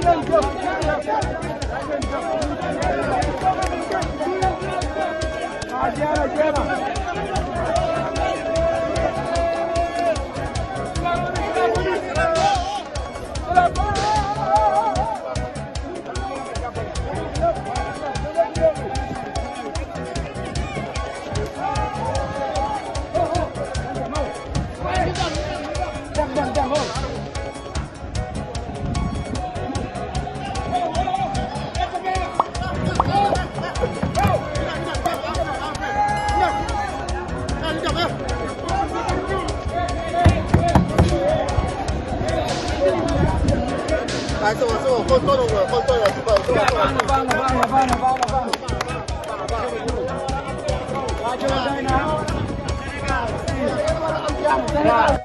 Vengan, Dios. con todo, güey, con todo, así para eso. Vamos, vamos, vamos, vamos, vamos, vamos. Senegal, Senegal.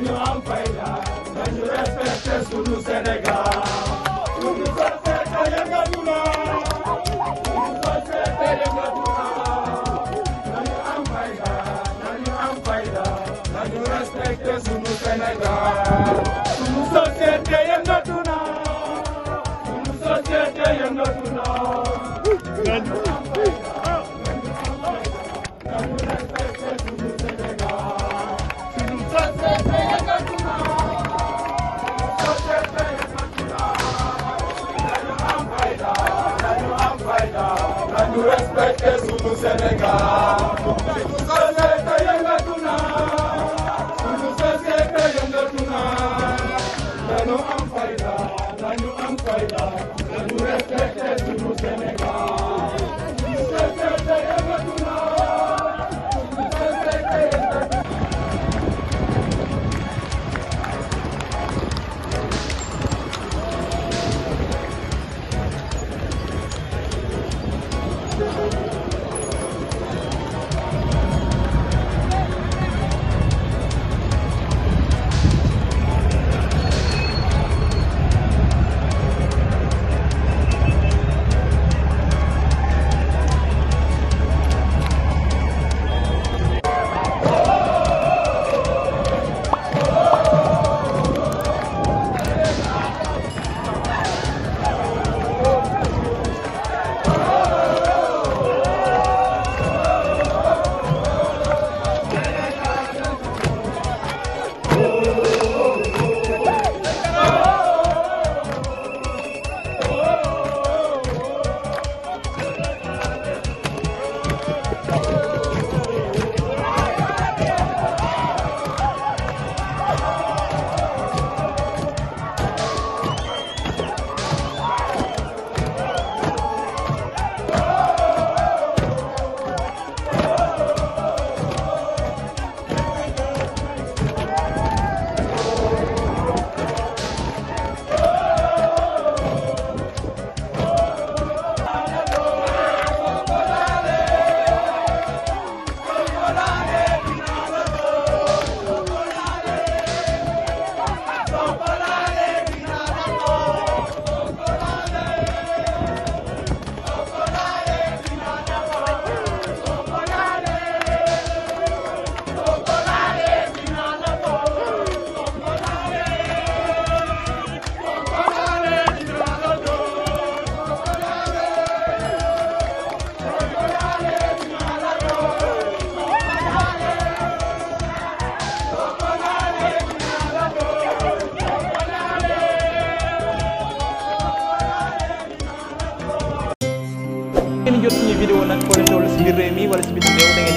dañu am fayda dañu respecté sunu Sénégal sunu respecté yëngatu na sunu respecté yëngatu na dañu am fayda dañu am fayda dañu respecté sunu Sénégal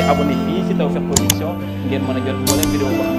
abonné fii ci Tawfekh Production ngeen mën a jot moo leen vidéo boo